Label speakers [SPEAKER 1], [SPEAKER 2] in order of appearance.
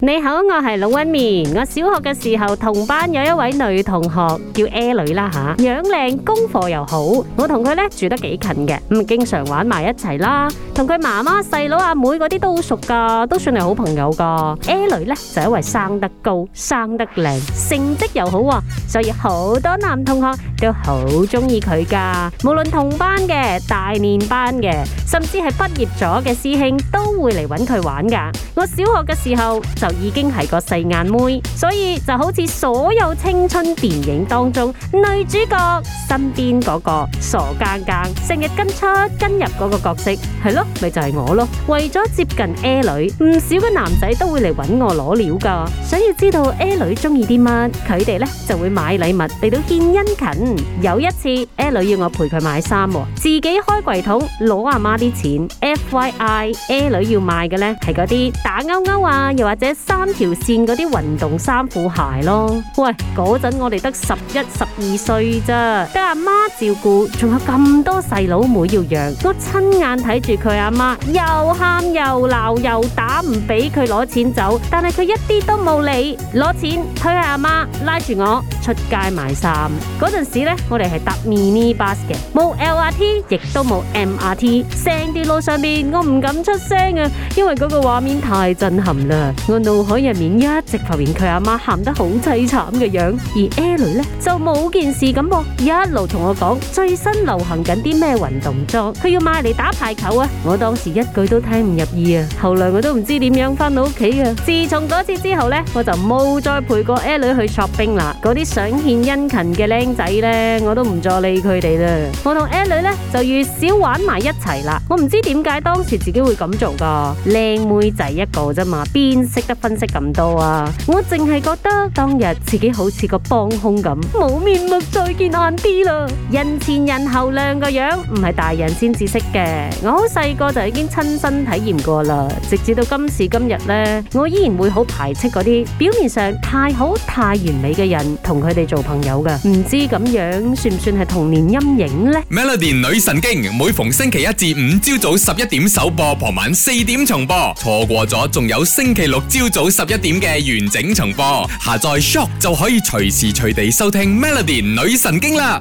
[SPEAKER 1] 你好，我係龍紋敏。我小學嘅時候，同班有一位女同學叫 A 女啦吓，樣靚，功課又好。我同佢咧住得幾近嘅，唔經常玩埋一齊啦。同佢媽媽、細佬、阿妹嗰啲都好熟噶，都算係好朋友噶。A 女咧就因為生得高、生得靚，成績又好、啊，所以好多男同學都好中意佢噶。無論同班嘅、大年班嘅，甚至係畢業咗嘅師兄，都會嚟搵佢玩噶。我小學嘅時候。就已經係個細眼妹，所以就好似所有青春電影當中女主角身邊嗰，那個傻更更，成日跟出跟入嗰個角色，係咯，咪就係、是、我咯。為咗接近 A 女，唔少嘅男仔都會嚟揾我攞料噶，想要知道 A 女中意啲乜，佢哋呢就會買禮物嚟到獻殷勤。有一次，A 女要我陪佢買衫，自己開櫃桶攞阿媽啲錢。FYI，A 女要買嘅呢係嗰啲打勾勾啊，又或者。三條線嗰啲運動衫褲鞋咯，喂，嗰陣我哋得十一十二歲啫，得阿媽照顧，仲有咁多細佬妹要養，我親眼睇住佢阿媽又喊又鬧又打，唔俾佢攞錢走，但係佢一啲都冇理，攞錢推阿媽拉住我。出街買衫嗰陣時咧，我哋係搭 mini bus 嘅，冇 LRT，亦都冇 MRT，成段路上面我唔敢出聲啊，因為嗰個畫面太震撼啦。我腦海入面一直浮現佢阿媽喊得好凄慘嘅樣，而 A 女咧就冇件事咁噃，一路同我講最新流行緊啲咩運動裝，佢要買嚟打排球啊！我當時一句都聽唔入耳啊，後來我都唔知點樣翻到屋企噶。自從嗰次之後咧，我就冇再陪過 A 女去 shopping 啦，嗰啲。.想獻殷勤嘅僆仔呢，我都唔再理佢哋啦。我同 L 女呢就越少玩埋一齊啦。我唔知點解當時自己會咁做噶，靚妹仔一個啫嘛，邊識得分析咁多啊？我淨係覺得當日自己好似個幫凶咁，冇面目再見阿 D 啦。人前人後一個樣，唔係大人先至識嘅。我好細個就已經親身體驗過啦，直至到今時今日呢，我依然會好排斥嗰啲表面上太好太完美嘅人同佢哋做朋友噶，唔知咁樣算唔算係童年陰影呢？Melody 女神經，每逢星期一至五朝早十一點首播，傍晚四點重播，錯過咗仲有星期六朝早十一點嘅完整重播。下載 Shock 就可以隨時隨地收聽 Melody 女神經啦。